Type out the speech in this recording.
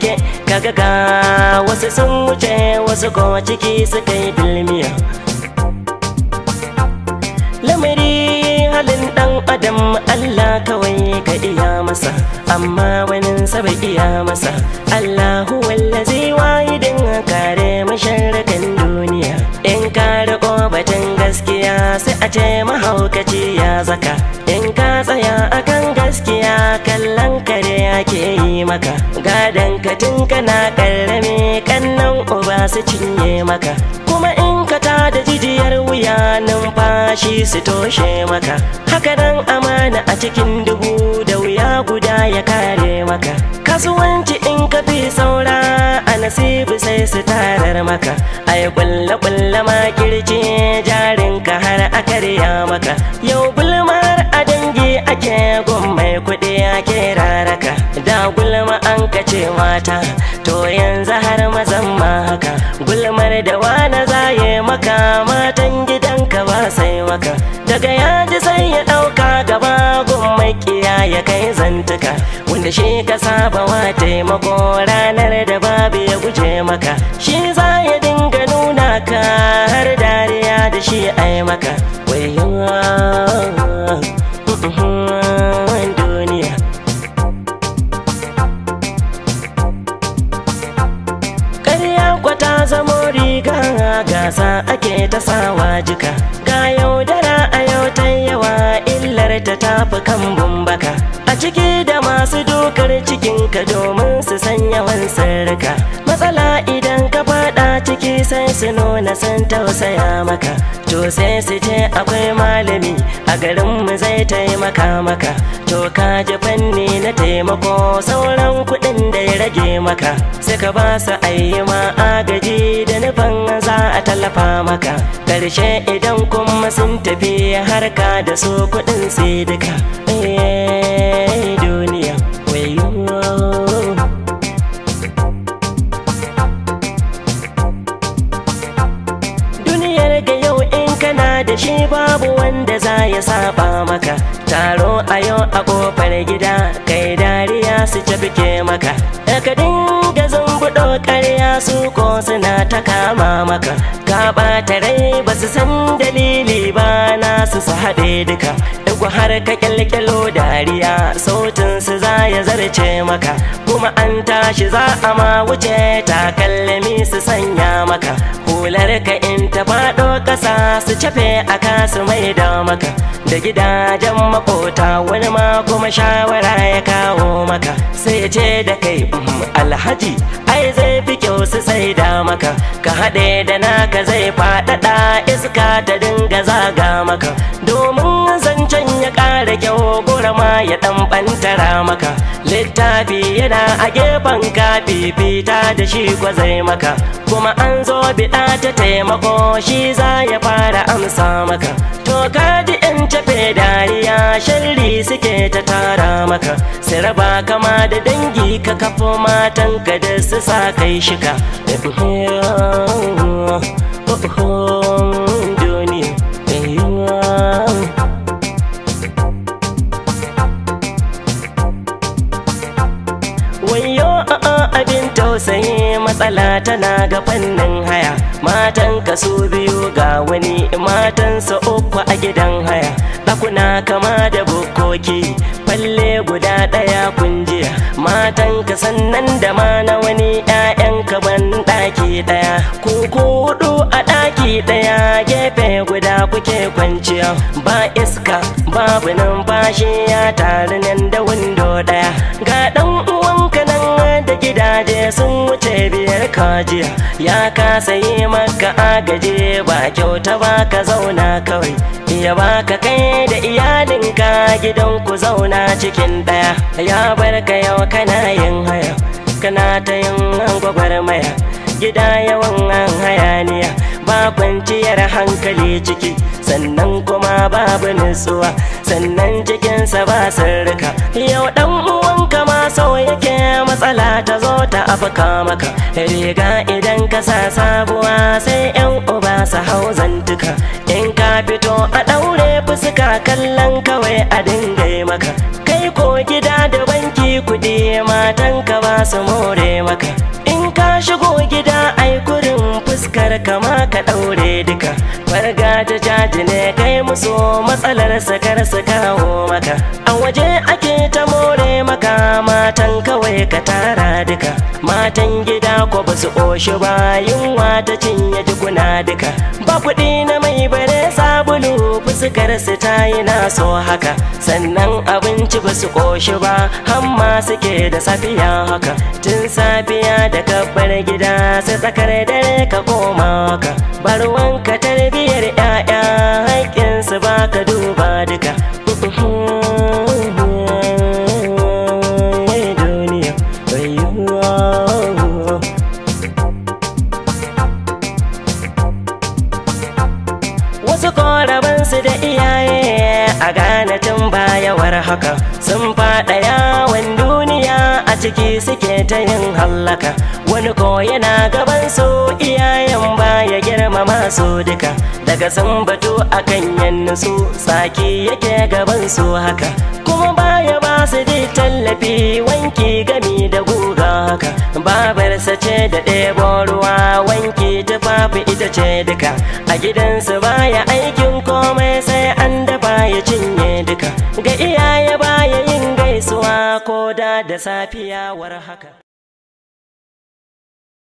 take kaga ga wasu sun wuce wasu kuma ciki suka yi dulmiya lamari halin dan adam Allah kawai ka iya masa amma wani sabai iya masa Allahu wallazi wahidin kare kana karrame kannan uba su cinye maka kuma in ka ta da jijiyar wuya numfashi su toshe maka haka nan amana a cikin dubu da wuya guda ya kare maka kasuwanci in ka fi saura a nasibu sai su tarar maka ai kulle kulle kirje jarin ka har a karya maka yau gulma a dangi ake gun mai kuɗi ake raraka da gulma an kace mata maka daga yaji sai ya ɗauka gaba gun kiya ya kai zantuka wanda shi ka saba wa taimako ranar da babu ya guje maka shi za ya dinga nuna ka har dariya da shi ai maka duniya kwata zamo riga gasa ake ta sawa jika shafi kan bumbaka a ciki da masu dokar ka domin su nuna sun tausaya maka to sai su ce akwai malami a garinmu zai taimaka maka to ka ji fanni na taimako sauran kuɗin da ya rage maka suka ba su ayi agaji da nufin za a tallafa maka ƙarshe idan kuma sun tafi harka da su kuɗin sai duka kana da shi babu wanda za ya saba maka taro a yau a kofar gida kai dariya su ci bike maka daga dinga zumbuɗo ƙarya su ko suna ta kama maka ka ɓata rai ba su san dalili ba na su su haɗe duka ku har ka kyalkyalo dariya sautin su za ya zarce maka kuma an tashi za a ma wuce takalmi su sanya maka hular ka ƙasa su cafe a kasu mai da maka da gidajen makota wani ma kuma shawara ya kawo maka sai ce da kai mm, alhaji ai zai fi kyau su sai da maka ka haɗe da naka zai faɗaɗa iska ta dinga gwamna ma ya dan bantara maka littafi yana a gefen ka fifita da shi gwazai maka kuma an zo biɗa ta taimako shi za ya fara amsa maka to ka ji in tafe dariya sharri suke ta tara maka sai raba kama da dangi ka kafo matan ka da su sa kai shika matsala tana ga fannin haya matan su biyu ga wani matansa uku a gidan haya ɗakuna kama da bukoki falle guda ɗaya kunjiya ka sannan da ma na wani ka ban ɗaki ɗaya ku hudu a ɗaki ɗaya gefe guda kuke kwanciya ba iska babu numfashi ya taru nan da windo ɗaya ga ɗan uwanka nan da gidaje sun jiya ya kasa yi maka agaje ba kyauta ba ka zauna kawai ya baka kai da iyalinka gidan ku zauna cikin daya ya bar ka yau kana yin haya kana ta yin maya, gida yawan an hayaniya ba kwanciyar hankali ciki sannan kuma babu nutsuwa sannan cikinsa ba sirrika yau dan in kama sau yake matsala ta zo ta afka maka riga idan ka sa sabuwa sai yan uba su hau zantuka in ka fito a ɗaure fuska kallon kawai a dinga maka kai ko gida da banki kuɗi ka ba su more maka in ka shigo gida ai gurin fuskar kama ka ɗaure duka farga ta jaji ne kai musu matsalar sakar su kawo maka a waje a matan kawai ka tara duka matan gida ko ba su ƙoshi ba yunwa ta cinye jikuna duka ba kuɗi na mai bare sabulu fuskar su ta yi na so haka sannan abinci ba su ƙoshi ba hamma suke da safiya haka tun safiya da kabbar gida sai tsakar dare ka koma haka bar wanka haka sun faɗa wani duniya a ciki suke ta yin hallaka wani ko yana gaban su iyayen baya girmama su duka daga sun batu akan yannu su tsaki yake gaban su haka kuma baya ba su ji tallafi wanki gami da guga haka babarsa ce da ɗebo ruwa wanki tufafi ita ce duka a gidansu baya aiki da safiya war haka